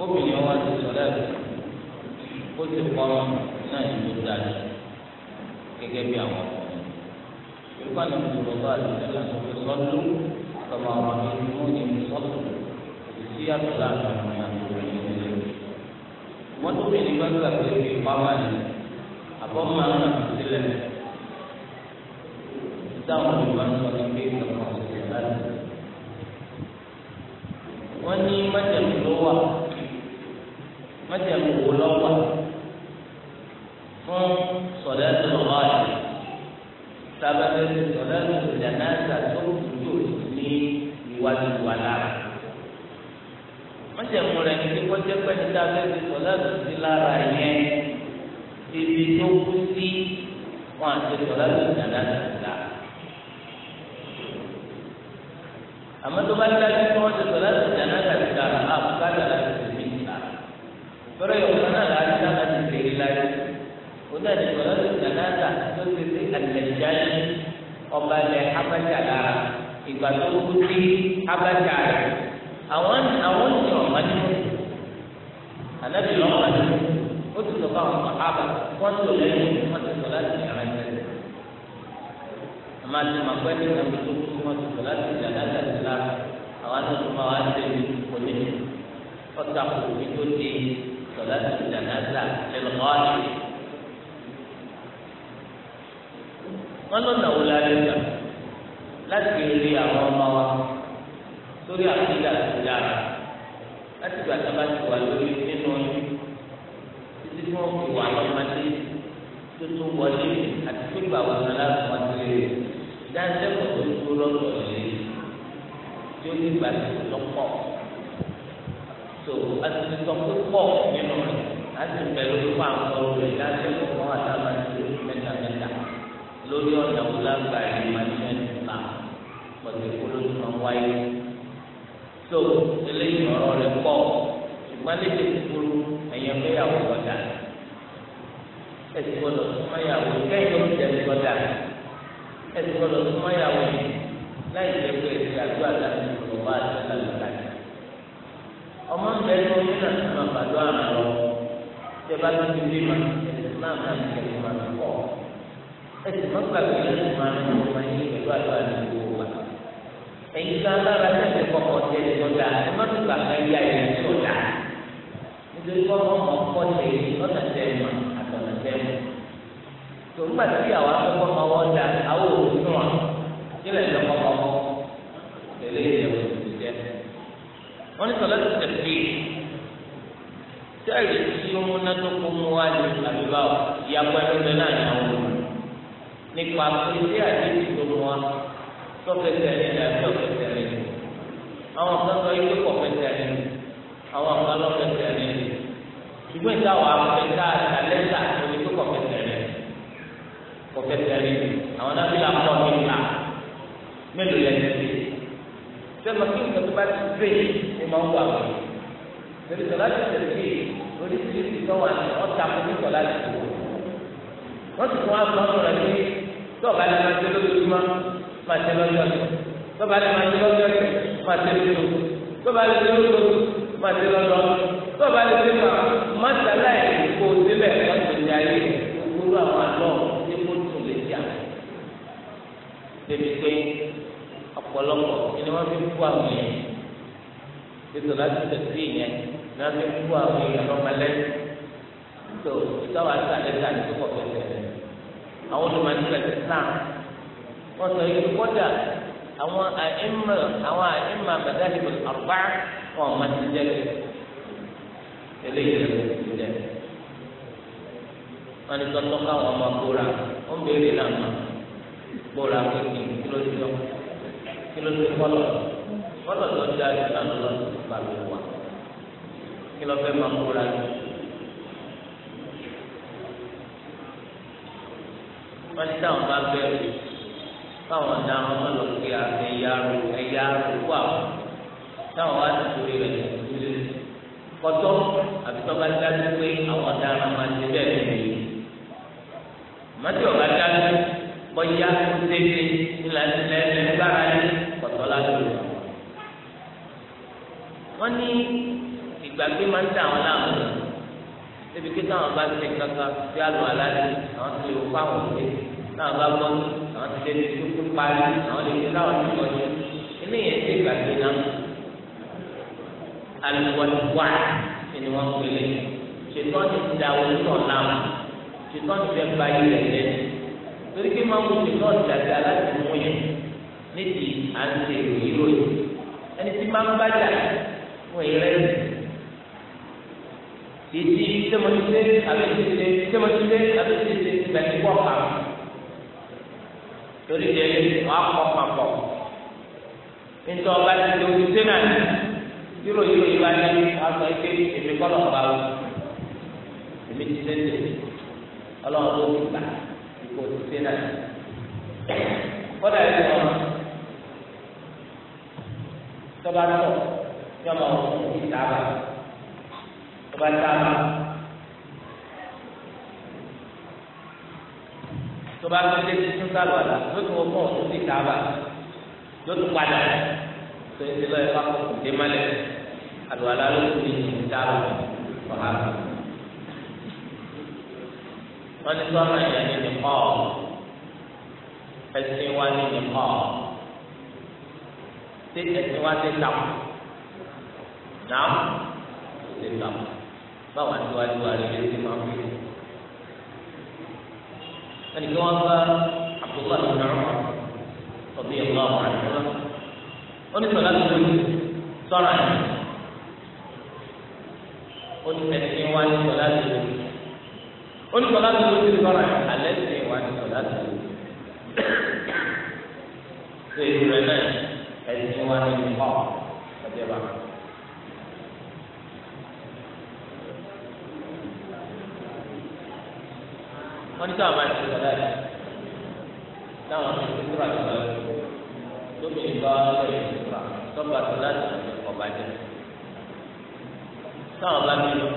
obìnrin wa ti sọ̀rọ̀ ẹ̀ ó ti pọ̀ ọ́n náà ti ló dájú gẹ́gẹ́ bí àwọn ọkùnrin yorùbá ní ìṣòro bá a lè tẹ́lẹ̀ tó fi sọ́dún kọ́mọ àwọn akéwì mú ní sọ́dún sí àtúlá àwọn àtúnrẹ̀ ìdílé wọ́n tó bẹ̀rẹ̀ bá gbà pé fi pàmò àlè àbọ̀ máa ń ràn sílẹ̀ táwọn yorùbá ń sọ ní pé kọ́mọ òṣèlú láti wọ́n ní májèlú ló wà májèlú wò lọ́wọ́. صلاة الغائب سبب صلاة الجنازة ثم سجود ní iwájú wa lára wọ́n jẹ́ mú rẹ̀ ní kó jẹ́ pé níta bẹ́ẹ̀ ti sọ láti sí lára yẹn ibi tó kú sí wọn àti sọ láti ìdáná ìdá. àmọ́ tó bá dájú pé wọ́n ti sọ láti ìdáná ìdá àbúkádà láti sí ìdá. lọ́rọ̀ onáni ìgbàlódé jàdáza tó ti di àlẹjáde ọba lẹ abájà lára ìgbà tó kú sí abájà rẹ àwọn àwọn ti ọba ní mọ ànábì lọ́wọ́ ní ó ti sọ fáwọn ọmọ àbá wọn tó lẹ́yìn wọn ti sọ láti yàrá ìtẹlẹ àmà tí màá pẹ́ ní ìgbàgbọ́ tó kú wọn ti sọ láti jàdáza ti lára àwọn tó tó máa wá sí ẹni kò ní ọ̀tà kò ní tó di sọ láti jàdáza lẹ́nu ọ́ọ́dì. wọn lọ́nà wo la lè gbà láti rí àwọn ọmọ wa sórí àkídà tó dára láti gbà tá a bá ti wà lórí nínú yín títí fún òkè wà lọ́mọdé tó tó wọlé àti tó gbà wà lọ́la wọn ti lè dáńtẹ́ kò tó tó lọ́tọ̀ tí ó ní gbà tó lọ́pọ̀ tó a ti sọ pé nínú rẹ̀ a ti bẹ̀rù fún àwọn ọ̀rọ̀ rẹ̀ dáńtẹ́ kò kọ́ àtàwọn lórí ọ̀nà wo lágbà yìí máa ń fẹ́ nípa pọ̀jù kúlójú máa ń wáyé. tó eléyìí ọ̀rọ̀ rẹ̀ pọ̀ ṣùgbọ́n léde kúkúrú ẹ̀yẹ fẹ́yàwó gbọ́dà ẹ̀sìn gbọ́dọ̀ súnmọ́yàwó kẹ́yìn oúnjẹ gbọ́dà ẹ̀sìn gbọ́dọ̀ súnmọ́yàwó láì jẹ́ pé ẹ̀sìn àdúrà láti ọ̀wá àti ọ̀làlùkà ọmọ ń bẹ ní oyún náà sọ́nà bàdó àná lọ ẹsẹ̀ máa gbà pé ẹ̀rọ máa ń lò wọ́n yín pẹ̀lú àdúrà ní gbogbo wa. ẹ̀yin kan lára tẹ̀sẹ̀ kọ̀kọ́ tẹ̀lé sọ́dà ẹ má tún gbà kan yá ẹ̀yìn sọ́dà. nítorí kọ́ wọn mọ̀ kọ́ tẹ̀lé lọ́nà tẹ̀mọ̀ àtọ̀nà tẹ̀mọ̀. tòun gbà tí àwọn akọ́kọ́ máa wọ́n da àwọn òṣùwọ̀n wọn nílẹ̀ ìjọkọ̀kọ̀ tẹ̀lé ìyẹ̀wò ìjẹ́. wọ́n ní sọ̀lá ti tẹ̀ sí sẹ́ẹ̀rì tí ó múnádókó mú wá ní àbíbáwò ìyàpọ̀ ẹgbẹ́ nípa pété àdéhùn tó mú wa tọ́kẹsẹ̀ rẹ̀ ní àbí ọ̀kẹsẹ̀ rẹ̀ ní. àwọn kan sọ ilé kọ̀kẹsẹ̀ rẹ̀ ní àwọn kan lọ́kẹsẹ̀ rẹ̀ ní. ṣùgbọ́n ìta wà pẹ̀lú àtàlẹ́sà omi tó kọ̀kẹsẹ̀ rẹ̀ kọ̀kẹsẹ̀ rẹ̀ ní. àwọn nábìlà pọ̀ níta mélòó lẹ́nu sí. sẹ́nu kí nǹkan tó bá ti dé ó máa ń wà wọ̀ lórí sọlá ti tẹ̀lé bí oríṣiríṣi tó wà ní ọ̀tá fún sọlá ti tẹ̀lé wọ́n ti fún wa sọ́nù rẹ̀ ní tọ́ọ̀bá lè máa ṣe lójoojúmọ́ máa ṣe lọ́jọ́ tọ́ọ̀bá lè máa ṣe lọ́jọ́ máa ṣe lójoojúmọ́ tọ́ọ̀bá lè ṣe lójoojúmọ́ máa ṣe lọ́jọ́ tọ́ọ̀bá lè ṣe máa máa ṣàlàyé kó o débẹ̀ lọ́sọ̀rọ̀ ayé gbogbo àwọn àlọ́ epo tún lè jà débi pé ọ̀pọ̀lọpọ̀ ni wọ́n fi kú àwọn èèyàn tètè láti tẹ̀sí ìyẹn ni wọ́n fi kú àwọn èèyàn lọ́mọlẹ́yìn tó ìtawà sàlẹ̀ sàlẹ̀ tó kọ̀ fẹ́ àwọn olùmọ̀lẹ́sẹ̀ islam wọ́n sọ yìí kọ́dà àwọn àìmọ̀ àwọn àìmọ̀ àbàdàlẹ̀ àrùbá wọn máa ti jẹ́ lé eléyìí lè ti lẹ̀ wọ́n ní tọ́tọ́ káwọn ọmọ kóra ó ń béèrè lànà kóra kékeré kí ló ti lọ kí ló ti kọ́ lọ kọ́ lọ́dọ̀ dáa ìlànà lọ́dọ̀ gbàgbé wa kí ló fẹ́ máa kóra yìí. wọ́n ní táwọn bá bẹ̀rù táwọn ọ̀daràn wọn lọ pé ẹ̀yà rò ẹ̀yà rò kó àwọn táwọn wá ti torí rẹ̀ lé kọ́tọ́ àbí tọ́ba dájú pé àwọn ọ̀daràn máa ti bẹ̀rẹ̀ lé mọ́tì ọ̀gá dájú bọ́yá tètè ìlànà ẹgbàrá yẹn kọ̀tọ́ ládùúgbò wọ́n ní ìgbàgbé máa ń dà wọ́n láàmú ebi kí táwọn bá ti kankan bí alùpàá láti àwọn tó lè fáwọn òkè náà bá gbọ́ àwọn ti tẹ́lẹ̀ tó tó parí àwọn lè fi láwọn ti wọ́n yẹn ilé yẹn ti gbàgbé náà alùpùpù ni wọ́n pèlè ṣètò ti da onítọ̀ náà ṣètò ti fẹ́ gba ilẹ̀ yẹn torí pé máa ń wo ṣètò ìdàgbà láti mú yẹn níbi à ń ṣe ìròyìn lóyún ẹni tí máa ń bá jà fún ìrẹsì ìdí tẹmọtìlẹ àbẹtìlẹ tẹmọtìlẹ àbẹtìlẹ ìgbà tí wọ́n pa torí ìdí ẹni wọn akọ papọ̀ nítorí ọba ti di ojú sí náà yúrò yúrò yìí wá ní aṣọ ike èmi kọlọ ọba wò èmi ti dé dé ọlọ́run tó ti gbà ikú ojú sí náà kódà yìí wọn tọba tọ yọmọ òkú ìtaba tọba taba. tó bá tó tí tún sálọ àlá yóò tún wọ́pọ̀ tó ti ta bá yóò tún padà tó ti lọ́ọ́ ẹ̀fọ́ kò dé malẹ̀ àlọ́ ló ti ti ta bá ọ̀hà. wọ́n ní sọ́nà ìyá ní nìkọ́ ẹ̀sìn wa ní nìkọ́ ṣé ẹ̀sìn wa ti ta náà ti ta báwa ti wá ti wá lè ṣe máa ń fi ẹnìkan wọn bá Abdullahi bin Umar ọbí ẹgbẹ́ ọmọ rẹ lọ ó ní sọlá tó lóyún sọ̀rọ̀ àyè ó ní ẹnìkan wá ní sọlá tó lóyún ó ní sọlá tó lóyún sọ̀rọ̀ àyè alẹ́ ti wá ní sọlá tó lóyún ṣé ìlú rẹ náà ẹnìkan wá ní ìfọ̀ ọbẹ̀ bàbá. wọ́n ní káwọn máa ń ṣe sọ̀dá yìí táwọn ti ṣe sọ̀rọ̀ àti sọ̀rọ̀ tóbi ìgbà ọ̀rẹ́ ìṣèkà tọ́ba tó láti ọ̀bá jẹ. táwọn bá mi lọ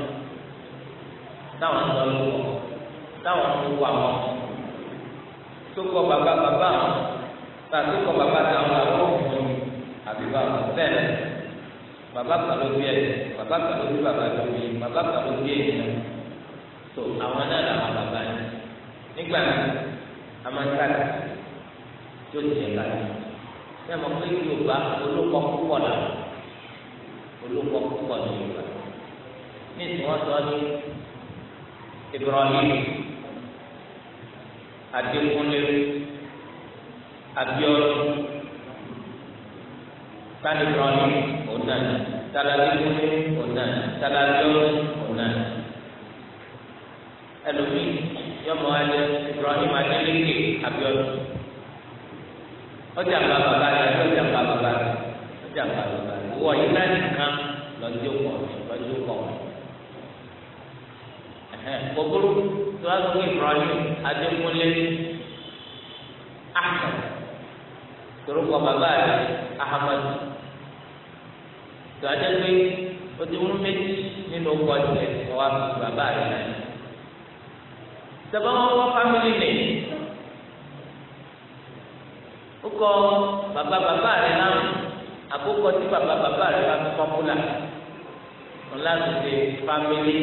táwọn ń lọ lọ́wọ́ táwọn ń wà wọ́n tó kọ bàbá bàbá àwọn tàbí kọ bàbá táwọn àwọn òkùnkùn àbí bàbá bẹ́ẹ̀ bàbá kan ló bí ẹ bàbá kan ló bí bàbá ló bí bàbá kan ló bí ènìyàn tó àwọn náà làwọn bàbá yẹn nígbà tí a máa ń sáré tí ó tiẹ̀ bá yẹn ní àmọ́ pé yorùbá olóko púpọ̀ là olóko púpọ̀ ní yorùbá ní ìsìn ní Ibrahim Adékúnlé Abíọ́dún tani Ibrahim onani tala Adékúnlé onani tala ẹlòmíì yọmọ alẹ Ibrahim adeleke abiodun ọjà ń bá bàbá rẹ ọjà ń bá bàbá rẹ ọjà ń bá bàbá rẹ wọ yìí náà nìkan lọ́jọ́ pọ̀ lọ́jọ́ pọ̀ kòkòrò tí wọ́n sọ pé Ibrahim adékúnlé ahmed torúkọ bàbá rẹ ahmed tí wọ́n adé pé o ti wúlò méjì nínú ọkọ̀ ìlẹ̀ ọwọ́ bàbá rẹ náà tẹ̀bọ́n wọ́n family nìyí ó kọ bàbá bàbá rẹ̀ náà àkókò tí bàbá bàbá rẹ̀ bá fi pọ́pùlà ńlá tó ṣe fámìlì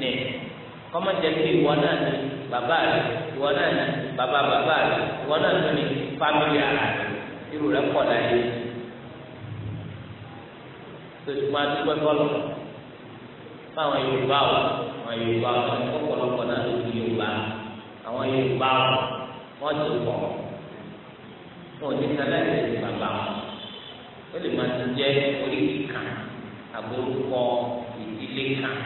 nìyí kọ́mọ̀jẹ́ pé ìwọ náà ni bàbá rẹ̀ ìwọ náà ni bàbá bàbá rẹ̀ ìwọ náà tún ni fámìlì ara rẹ̀ irú rẹ̀ pọ̀ láyé tó ṣùgbọ́n adúgbò fáwọn Yorùbá wọn àwọn yorùbá wọn ní kọ́kọ́lọ́kọ́ náà ló fi yorùbá àwọn yorùbá wọn ti pọ̀ wọn ò ní sálẹ̀ ní bàbá wọn ó lè máa ti jẹ́ orí kan àbórúkọ ìdílé kan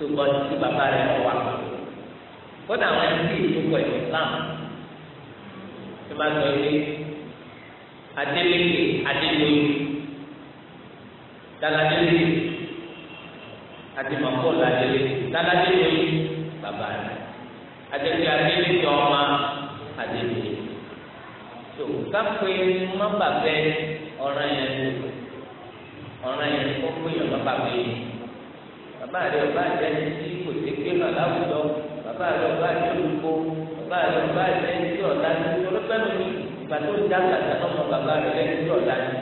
tó bọ́ sí bàbá rẹ̀ wà kódà àwọn ẹni tí ìdókò ìsìlám tó bá sọ pé adélèké adélèké dàgbàdélèké àti màkó ládélé ládélé bàbá rẹ àtẹ̀tẹ̀ àdélé tẹ ọmọ àdélé tó káfíń má bàbẹ ọ̀ràn yẹn ọ̀ràn yẹn kó pé yọ̀ má bàbẹ bàbá rẹ ọba àjẹni tí kò ti ké lọ láwùjọ bàbá rẹ ọba àjẹlúgbó bàbá rẹ ọba àjẹni tí ọ̀dà ní olópẹ́nu ní ìgbà tó ń dá gàdá lọ́mọ bàbá rẹ lẹ́ni tí ọ̀dà ní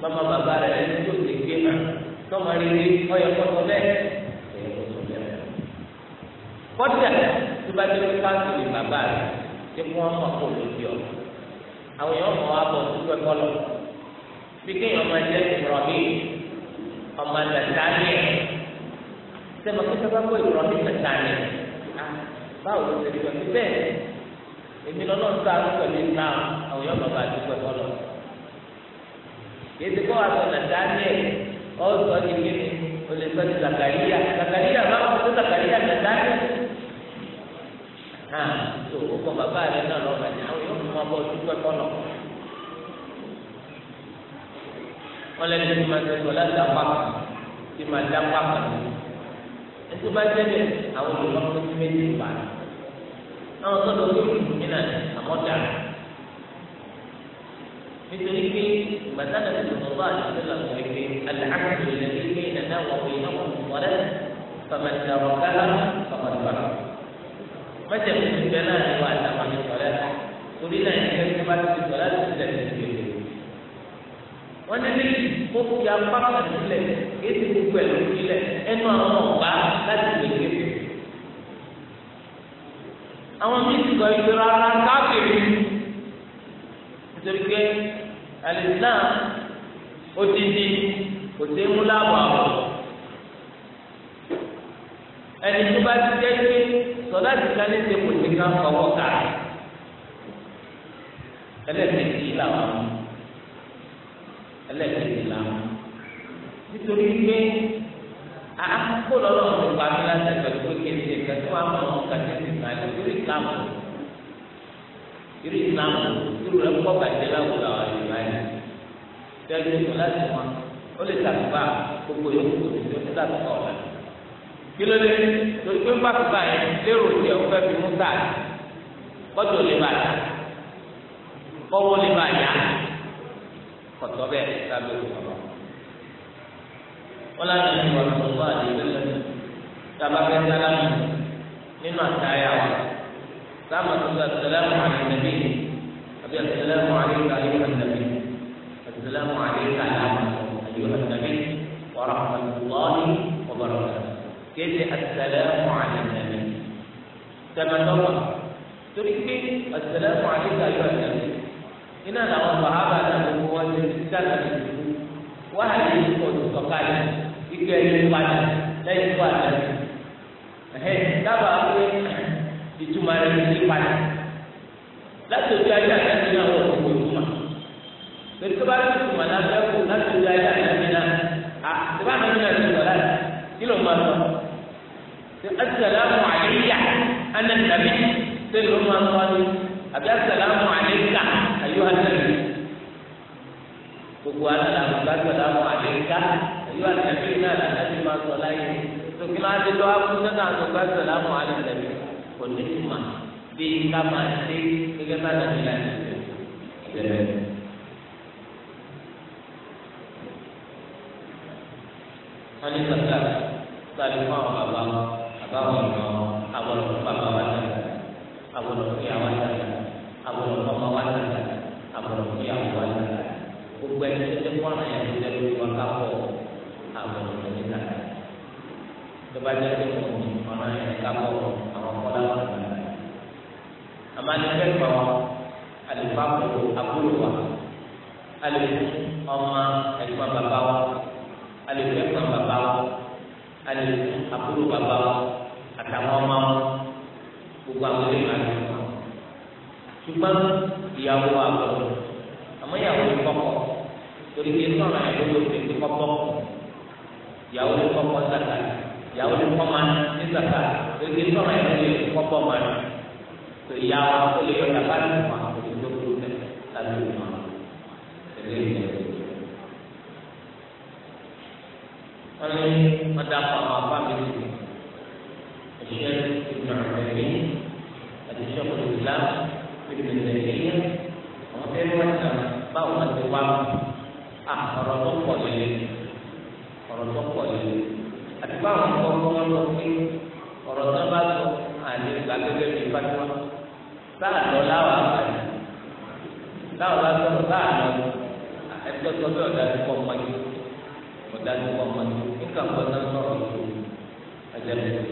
bàbá rẹ lẹ́ni tí ti ké náà tọ́mọ rere ọyọ kọ́tọ́ bẹ́ẹ̀ ẹ̀yẹ kò tó bẹ́ẹ̀. kọ́tà tó bá dé pàṣẹ lè bàbá rẹ̀ ṣé kí wọ́n mọ̀ kó lè di ọ̀. àwọn èèyàn mọ̀ wá bọ̀ sí pẹ́kọ́ lọ. bí kéèyàn máa jẹ́ ìrọ̀lì ọmọ tàtàlì ẹ̀. sẹ́mi kí sábà kó ìrọ̀lì tàtàlì ẹ̀. báwo ló ṣe lè bẹ́ẹ̀ èmi lọ́nà sọ àlùkò ní náà àwọn èèyàn bàbá àdúgbò ẹ̀kọ́ lọ. yé ọsọ di kini o lè sọ di zakariya zakariya máa ń sọ zakariya nàdáyà hàn ah, tó o kọ bàbá rẹ náà lọ bàjẹ́ àwọn yóò mú ọbọ dúpẹ́ kọ́nà wọn lẹni tó máa tẹ sọ láti apá tí máa dá pápá ètò bá tẹ́lẹ̀ àwọn olùkọ́ tó ti méjì wà àwọn tó lọ sí ìlú nínú àmọ́ dára nítorí pé gbàtà náà ti sọ̀rọ̀ àti sọ̀rọ̀ àwọn ìpè aláàbò ìlànà ìpè nàná wọ̀ pé àwọn ọ̀rẹ́ fàmàtà ọ̀kálà fàmàtà. mẹ́tẹ̀ kò ti bẹ́ẹ̀ náà ni wà àtàwọn àti sọ̀rọ̀ torí náà ìgbẹ́ tó bá ti sọ̀rọ̀ àti sílẹ̀ ti ti bèrè. wọ́n ti ní kó fi apá kan sílẹ̀ gbogbo ẹ̀ ló sílẹ̀ ẹnu àwọn ọ̀gbá láti lè gbé. àwọn mí nítorí alislam, alìsílám ó ti di kò sí mú láwà o ẹni tó bá ti jẹ́ pé sọlá ti ká ní sèkò tí ká fọwọ́ ká ẹlẹ́sẹ̀kì làwọn ẹlẹ́sẹ̀kì làwọn nítorí pé àkókò lọ́lọ́run ti pa mí tó kéde ẹ̀ka tó wà mọ́ ọ̀ka lórí ìlànà irú ìsìlámù irú rẹ̀ kọ́ bàjẹ́ láwùjọ àwọn yorùbá yẹn tẹ́lẹ̀ ìsọ̀ láti wọn ó lè sàtúbà gbogbo yòókù tó ti tó ti sàtúbà ọ̀la kí ló dé torí pé bàtúbà yẹn lérò tiẹ̀ ó fẹ́ fi mú sáà kọ́tò lè bàjá kọ́wọ́ lè bàjá kọ́tọ́ bẹ́ẹ̀ lábẹ́ òkùnkùn wọn láti ní ìwà tó wà ní ìlú lẹ́nu fẹ́ sálámù nínú àtàyà wa. لما تقول السلام على النبي أبي السلام عليك أيها النبي السلام عليك أيها النبي ورحمة الله وبركاته كيف السلام على النبي كما ترى تركي السلام عليك أيها النبي إن أنا الصحابة أنا هو السلام وهل يكون فقال يكون فقال لا يكون أهل تبع ìtumọ̀ rẹ̀ ní ìpadà láti ojú ayé àtàkùn náà wọ̀ fún ìtumọ̀ torí tó bá rí ìtumọ̀ lábẹ́ kù láti ojú ayé àtàkùn náà à tó bá nàá nínú ìtumọ̀ láti kí ló máa sọ ṣe asàlámù àléyà anàtàmì ṣe ló máa sọ ni àbí asàlámù àléyà ayé wa nàbí gbogbo alàlámù bá asàlámù àléyà ayé wa nàbí náà lànà ti máa sọ láyé tó kí máa ti lọ akú sẹ́nà àtúgbà asàlámù àléyà kò ní ìmà bí ká máa ṣe gẹ́gẹ́ bá dàbí láti ṣe bẹ̀rẹ̀. wọ́n ní sọ́jà sáré fún àwọn bàbá bàbá wọn nà àwọn ọ̀rọ̀ bàbá wa dàgbà àwọn ọ̀rọ̀ fún yàrá dàgbà àwọn ọ̀rọ̀ ọmọ wa dàgbà àwọn ọ̀rọ̀ fún yàrá wa dàgbà gbogbo ẹni tó ti kọ́ ọ̀nà yẹn ti dẹ́ lórí wọn ká pọ̀ àwọn ọ̀rọ̀ fún yàrá dàgbà tó bá jẹ́ pé ọ̀nà yẹn ká pọ̀ àwọn ọ̀la wà lọ́la yìí. àmọ́ ní fẹ́ẹ́ gbà wá àlùfáà pẹ̀lú àbúrò wa àlùfẹ́ ọmọ ẹ̀gbọ́n bàbá wa àlùfẹ́ ẹ̀gbọ́n bàbá wa àlùfẹ́ àbúrò bàbá wa àtàwọn ọmọ wa gbogbo àwọn ilé ìgbà yẹn wọn. ṣùgbọ́n ìyàwó wa bọ̀ àmọ́ ìyàwó yẹn kọ́kọ́ torí kí ẹ̀sán ọ̀rọ̀ yẹn ló ló ti kọ́kọ́ ìyàwó yẹn kọ́kọ́ sàkà ìyàwó yẹn kọ́ gbèsè sọ̀rọ̀ yẹn lè kọ́kọ́ máa ní tó ìyá wa ó lè yọ̀ọ́ yàrá ní ìmọ̀ àwọn òṣèlú tó kúrò bẹ́ẹ̀ láti ìmọ̀ ẹ̀rẹ́ ìyẹn. wọ́n ní wọ́n dá pa àwọn mi sí òṣìṣẹ́ sáà lọ láwọn àgbàdo láwọn bá sọ̀rọ̀ sáà lọ ẹgbẹ́ sọ bí ọ̀dà ti kọ́ mọ́jú ọ̀dà ti kọ́ mọ́jú nígbà kan náà sọ̀rọ̀ yìí ẹ̀jẹ̀ lẹ́yìn.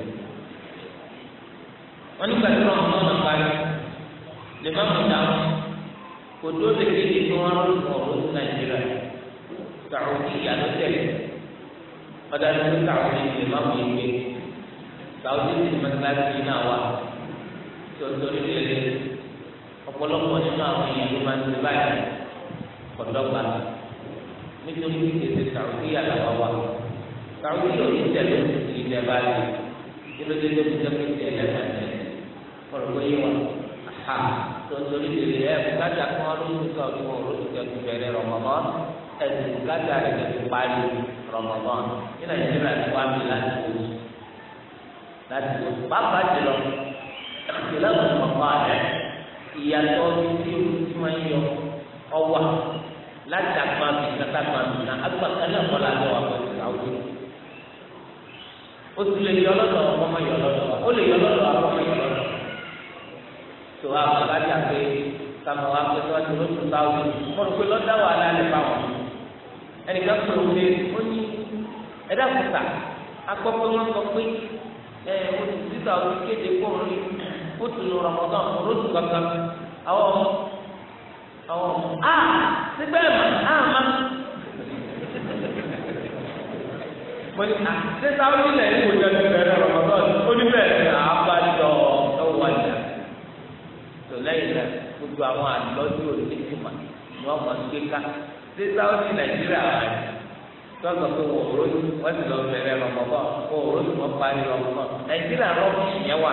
wọ́n nígbà tí wọ́n mọ̀ náà parí lè má mú dáhùn kò tó lè kéde tí wọ́n rún ọ̀rọ̀ ní nàìjíríà sàrùkì ìyàló tẹ̀lé ọ̀dà ti kọ́ sàrùkì lè má mú tòtòrí lè ọ̀pọ̀lọpọ̀ nínú àwọn èèyàn ló máa ń ti báyìí kọ̀dọ́gba nítorí kéde sàrúkì àlàwà wa sàrúkì òní tẹ̀lé ìdè báyìí kílódé tó fi tẹ́lẹ̀ tẹ̀lé tẹ̀lé kọ̀dọ́gba yìí wa ha tòtòrí lè ẹ̀ bùkátà kan lóṣù kan fún olóṣù kẹkùn bẹ̀rẹ̀ Ramadan ẹ̀sìn bùkátà rẹ̀ kẹkùn parí Ramadan ní Nàìjíríà ti wá mi láti oṣù láti oṣù pàápàá jùlọ ìṣẹ̀lẹ̀ àwọn ọ̀pá rẹ̀ ìyàtọ̀ ní tí o ti máa ń yọ ọwà láti àgbà mi kàtà àgbà mi náà àgbà kan náà kọ́ láti wà pẹ̀lú ìlàwọ́ o sì lè yọ lọ́dọ̀ ọmọ yọ lọ́dọ̀ o lè yọ lọ́dọ̀ ọmọ yọ lọ́dọ̀ tó a kò bá dà pé kàmọ́ wa pé wọ́n ti ló tó bá wù mo rò pé lọ́dà wà lálẹ́ bá wọn ẹnìkan pèrò pé ó ní ẹ̀dá kùtà akpọ́kọ́ wọn sọ pé ẹ̀ o ti sísà o ti kéde ó tún lu rọmọdán kò lóṣù kankan àwọn ọmọ àwọn ọmọ a ah, síbẹ̀ mà á ah, má mo ní à ah, ṣé sáwọn ilẹ̀ ń wò jẹ́ bẹ̀rẹ̀ rọmọdán ó ní bẹ́ẹ̀ ni àbájọ ọwọ́ ìjà tó lẹ́yìn náà gbogbo àwọn àlọ́jú olùdíjìmọ̀ ni wọ́n máa ń gbé ká ṣé sáwọn ní nàìjíríà wà ní sọ́sọ̀ pé wọ́n wọ́n sì lọ bẹ̀rẹ̀ rọmọdán wọ́n òrójú wọ́n parí rọmọdán nàìjíríà rọ́ọ̀kì yẹn wà.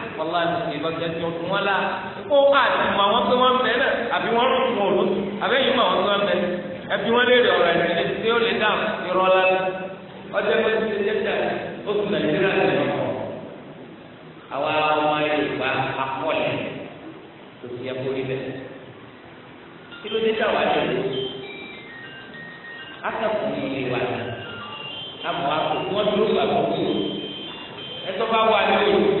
wàlá ìbọn jẹ ti ọdún wọn la kó àti mọ àwọn pé wọn bẹ náà àbí wọn rún wọn lò àbẹ́yìn mọ àwọn pé wọn bẹ ẹbí wọn lè rẹ ọ̀rọ̀ ẹ̀sìn tí ó lè dáhùn irọ́ la ọjọ́ pé ti ṣe jẹ́jà ó tún nàìjíríà ti lọ kọ́ àwa ọmọ yorùbá akọ́lẹ̀ tó fi ẹ borí bẹ́ẹ̀ kí ló dé dáwà jẹ lọ akẹ́kọ̀ọ́ yìí wà ní àmọ́ àkókò wọn dúró gbàgbọ́ kúrò ẹ bá wà ní òyìnbó.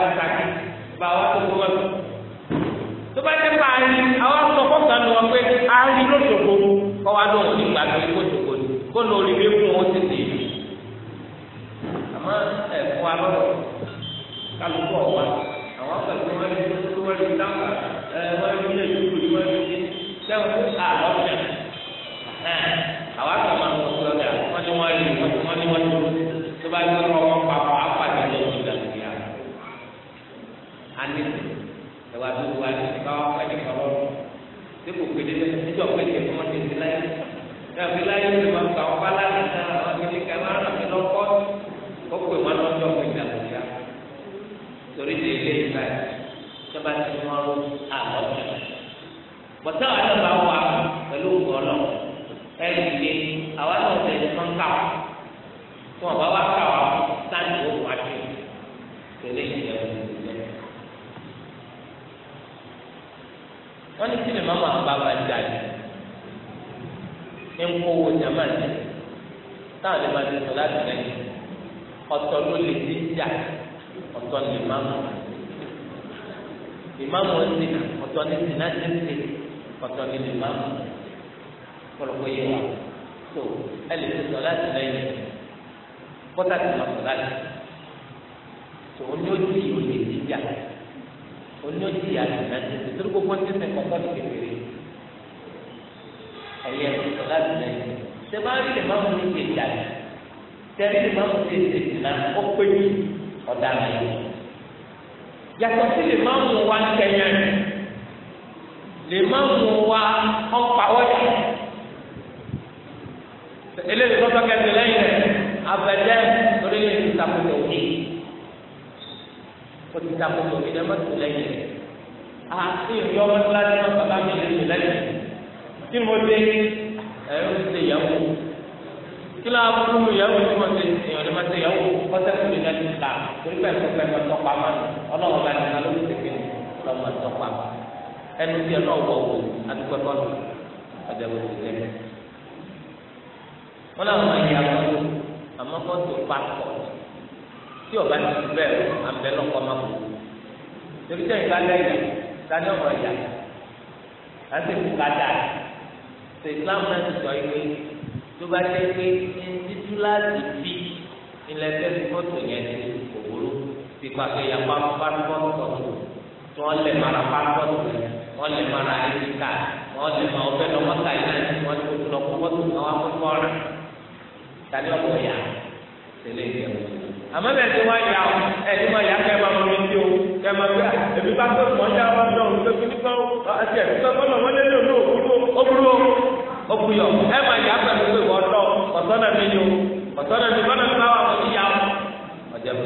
kan lọ pé a rí lóṣogbo kọ́ wa lóhùn ní gbàgbé lóṣogbo ni kó lọ rí lékún ó ti dè é àmọ́ ẹ̀fọ́ alọ́rọ̀ kálukú ọ̀wá àwọn akẹ́kọ̀ọ́ wọn ní tó wọ́n rí dáhùn ẹ̀ wọ́n rí ilé ìlú ni wọ́n rí sẹ́wọ̀n fún àlọ́jà àwọn akẹ́kọ̀ọ́ máa ń wọ́n sí ọjà wọ́n ní wọ́n rí wọ́n ní wọ́n ní tó bá yẹ kọ́ wọn papọ̀ apàdé lọ́wọ́ ìdàgbé àná. a ní ẹ̀wà tó wà ní báwọn pàdé kọ́ lọ́rùn dépò pèlè lẹ níjọ pèlè fún wọn tètè láyé nàbí láyé lè máa gbà wọn bala lè nà àwọn akéde ká máa rà mí lọkọ ó pè wọn lọ́jọ́ pé ní àlùyá torí ti ilé ìgbà yìí sábà ti mú ọ̀rọ̀ àlọ bọtá wà lọ bá wà pẹ̀lú ògbọlọ ẹ lè gbé àwọn àtọ̀tẹ̀ ẹ̀ ń fún ọ̀bá wà. ń kówó jàmá ní táwọn lè máa ti sọ láti lẹ́yìn ọ̀tọ̀ ló lè ti jà ọ̀tọ̀ lè má mú ìmáàmù ọ̀sìn ọ̀tọ̀ ní sìn láti ṣe ọ̀tọ̀ ní lè má mú kọlọpọ̀ yẹ wà tó ẹ lè ti sọ láti lẹ́yìn kọ́tà ti máa sọ láti tó oní òjì yìí ó lè ti jà oní òjì yìí àti ìdájọ́ ìdúró gbogbo ti sìn kọ́kọ́ ní kékeré ẹ̀yẹ ìtọ́ láti lẹ́yìn tẹ bá rí lè má mú ní ìgbè dà tẹ rí lè má mú ní ìgbè dà ó pé ní ọ̀daràn yìí yàtọ̀ sí lè má mú wa kẹyàn lè má mú wa ọ̀pàwọ́dà eléyìí tó bá kẹsì lẹ́yìn rẹ̀ abẹ́dẹ́ lórí lè ti òkè ó ti sàkóso òkè dẹ́gbẹ́sì lẹ́yìn rẹ̀ àti ìyọ́wọ́ ńlá ní ọ̀pàá mi lè ti lẹ́yìn rẹ̀ kí ni mo ṣe ẹ ń ṣe ìyàwó kí ló á fún ìyàwó tí mo ṣe èèyàn ní ma ṣe ìyàwó ọtẹ fún mi náà ti ta torí pẹ̀lú pẹ̀lú ọtọ́pá ma ọlọ́run bá ti náà ló ń ṣe kéde lọ́mọ ọtọ́pá ma ẹnu tí ẹ náà wọ̀ wò adúgbò ẹ̀kọ́ mi àdàbò ti lé mi. wọ́n làwọn ẹ̀yà wọn àmọ́ kọ́ tó pàtó tí ọba ti fi bẹ́ẹ̀ àbẹ̀ lọ́kọ́ máa kú torí sẹ́yìn bá tó islam náà ti sọ ìwé tó bá jẹ́ pé títú láti bí ilẹ̀ tẹ́sí fọ́tò yẹn ti òwúrò ti pàṣẹ ya pásítọ́ọ̀tù tọ̀tù tí wọ́n lè mara pásítọ́ọ̀tù wọ́n lè mara ẹ̀ríkà wọ́n lè mara ọ̀fẹ́ lọ́mọ́ta yìí náà wọ́n ti tó lọ́kọ́ fọ́tò náà wọ́n kọ́kọ́ rẹ̀ tàbí ọ̀pọ̀ yà tẹ̀lé ìjẹun. àmọ́ bẹ́ẹ̀ tí wọ́n yà ẹ̀ tí wọ́n yà kẹ́ bá wọn lọ ẹ̀mọ̀ pé ẹ̀mí bá tó mọ̀ ọ́jà wọn náà ló fi nípa àti ẹ̀mí tó kọ́ lọ́wọ́ lé lónìí òkúrú òkúrú òkúyọ̀ ẹ̀ máa yà pẹ̀lú pé wọ́n lọ ọ̀tọ́nà mi ni o ọ̀tọ́nà mi bọ́dọ̀ tó báwa kò níyà o ọ̀jẹ̀ mi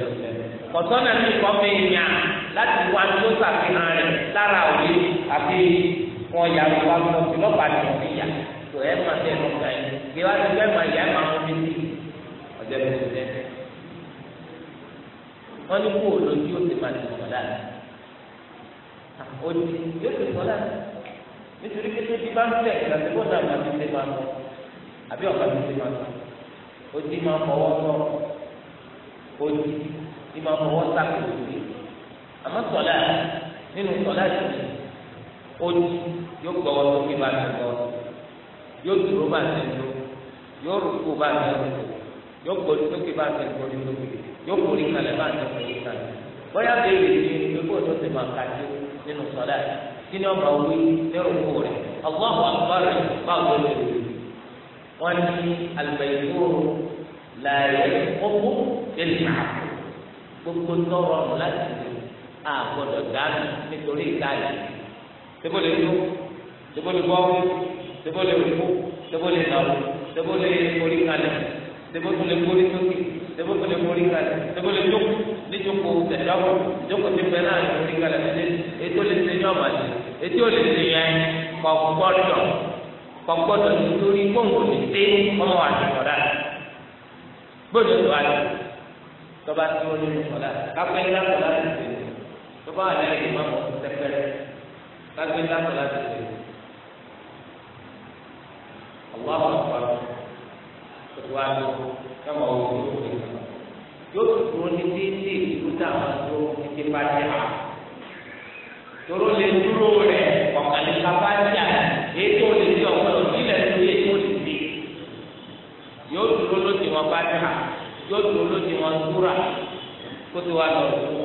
ọ̀tọ́nà mi kọ́ mi yà láti wá tó sàfihàn rẹ̀ lára òye àti wọn yà wá lọ sí lọ́pàá ni wọ́n fi yà tó ẹ̀ wọn ní kó o lọ bí o ti máa ti sọdá o ti yóò ti sọdá nítorí kété bí bá ń tẹ ìgbàgbé kó dà máa ti ṣe máa lọ àbí ọ̀gá ti ṣe máa lọ o ti máa fọwọ́ sọ o ti ti máa fọwọ́ sáko o ti àmọ́ sọdá nínú sọdá ti o ti yóò gbọ́wọ́ tó bí bá ti gbọ́ yóò dúró bá ti dúró yóò rúkú bá ti rúkú yóò gbọ́dọ̀ tó bí bá ti gbọ́dọ̀ tó bí yóò forí kalẹ̀ bá àti forí kalẹ̀ bóyá béèrè ni pé kó o tó ti máa kájú nínú sọ́dá kí ni ọba wí lérò kó rẹ̀ Allahu akbar báwo ló lè wọ́n ní alùpàìkúrò làárẹ̀ ọkọ̀ lẹ́nu máa gbogbo tọrọ láti lè àgbọ̀dọ̀ dànù nítorí ìtàlẹ̀ tẹ́gbọ́n lè tó tẹ́gbọ́n lè bọ́ tẹ́gbọ́n lè kú tẹ́gbọ́n lè nàwó tẹ́gbọ́n lè forí kalẹ̀ tẹ́gbọ́n lè forí sókè sebókò lè mórí kalẹ̀ sebó lè jókòó ní jókòó tẹ̀síọ́kọ̀ jókòó ti pẹ́ náà lè mórí kalẹ̀ ní etí ó lè ṣe ní ọ̀mà sí etí ó lè ṣe yẹn kọ̀gbọ́dọ̀ kọ̀gbọ́dọ̀ nítorí gbòǹgbò ní té ọmọ àtìkọ̀dá gbòdò tó àlè tọ́ba tí wọ́n lórí kọ̀dá kápẹ́ ńlá kọ̀dá ti ṣe tọ́ba àlẹ́ yìí má mọ̀ wá lọ káwọn ò ní òkè kan yóò tún dúró ní déédéé ìlú táwọn tó ní ti bá dé ha tóró lè dúró rẹ ọ̀kan ní kápá jà ètò lè di ọ̀pọ̀lọpọ̀ sílẹ̀ tó yẹ kó lè dé yóò dúró ló ti wọn bá dé yóò dúró ló ti wọn dúrà kó tó wá lọ fún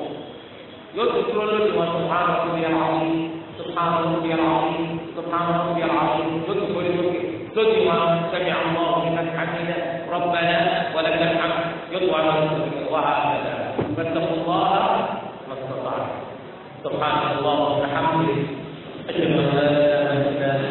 yóò tún dúró lórí wọn tó máa ń fi ra ọ̀hún tó máa ń fi ra ọ̀hún tó máa ń fi ra ọ̀hún yóò tún kórè lókè. تدري ما سمع الله لمن حمده ربنا ولك الحمد يطعم الله ابدا فاتقوا الله ما استطعتم سبحان الله وبحمده اشهد ان لا اله الا الله